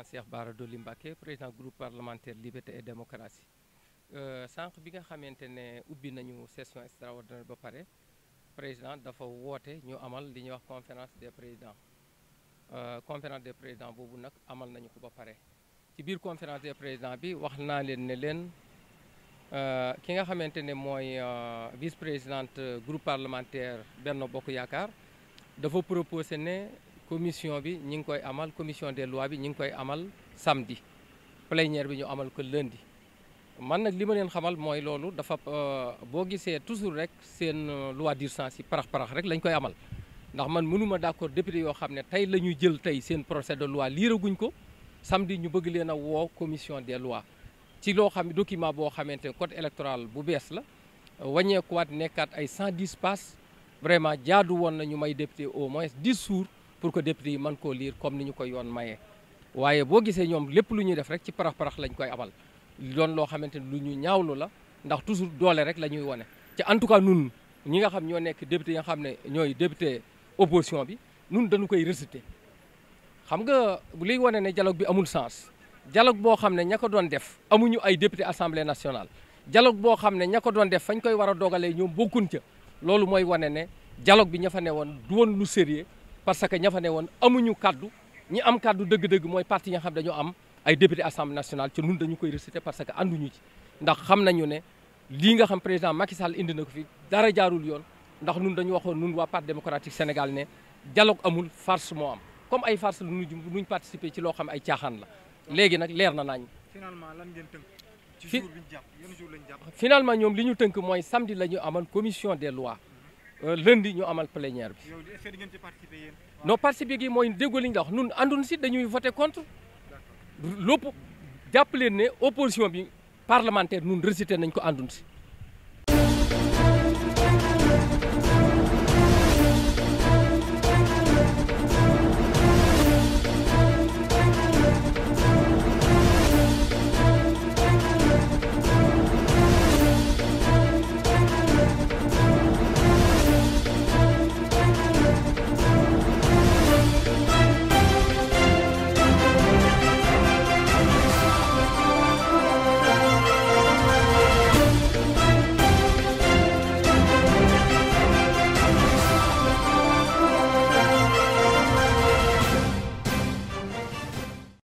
président Cheikh Bara Dolly Mbacké président groupe parlementaire liberté et démocratie euh, sànq bi nga xamante ne ubbi nañu session extraordinaire ba pare président dafa woote ñu amal di ñuy wax conférence des présidents euh, conférence des président boobu nag amal nañu ko ba pare ci biir conférence des présidents bi wax naa leen ne leen euh, ki nga xamante ne mooy vice présidente groupe parlementaire Benno Bokk Yaakaar dafa proposé commission bi ñu ngi koy amal commission des lois bi ñu ngi koy amal samedi plénière bi ñu amal ko lundi man nag li ma leen xamal mooy loolu dafa euh, boo gisee toujours rek seen euh, loi d'urgence yi parax parax rek lañ koy amal ndax man mënuma d'accord député yoo xam ne tey la ñu jël tey seen procès de loi liiraguñ ko samedi ñu bëgg leen a woo commission des lois ci loo xam document boo xamante ne code électoral bu bees la wàññeekuwaat nekkaat ay 110 pages vraiment jaadu woon na ñu may député au moins 10 jours. pour que député yi man koo liir comme ni ñu ko yoon maye waaye boo gisee ñoom lépp lu ñuy def rek ci parax-parax lañu koy abal doon loo xamante ni lu ñu ñaawlu la ndax toujours doole rek lañuy ñuy wane ci en tout cas nun ñi nga xam ñoo nekk député yi nga xam ne ñooy député opposition bi nun dañu koy rejeté xam nga liy wane ne dialogue bi amul sens dialogue boo xam ne ña ko doon def amuñu ay député assemblée nationale dialogue boo xam ne ña ko doon def fañ koy war a dogalee ñoom bokkun loolu mooy wane ne dialogue bi ña fa ne woon du woon lu sérieux parce que ña woon amuñu kaddu ñi am kaddu dëgg-dëgg mooy parti yi nga xam dañoo am ay député assemblée national ci nun dañu koy rejeté parce que ànduñu ci ndax xam nañu ne lii nga xam président Macky Sall indi na ko fi dara jaarul yoon ndax nun dañu waxoon nun waa parti démocratique Sénégal ne dialogue amul farce moo am comme ay farce la nuñ nuñ participé ci loo xam ay caaxaan la léegi nag leer na nañ finalement lan ngeen tënk ci jour bi ñu finalement ñoom li ñu tënk mooy samedi la ñu amoon commission des Euh, lundi ñu amal plénière bi. yow est-ce que di ngeen ci participer yéen. non participer gi mooy déggoo li ñu la wax ñun ànduñu si dañuy voté contre. lépp jàpp leen ne opposition bi parlementaire ñun rejeté nañ ko ànduñu si.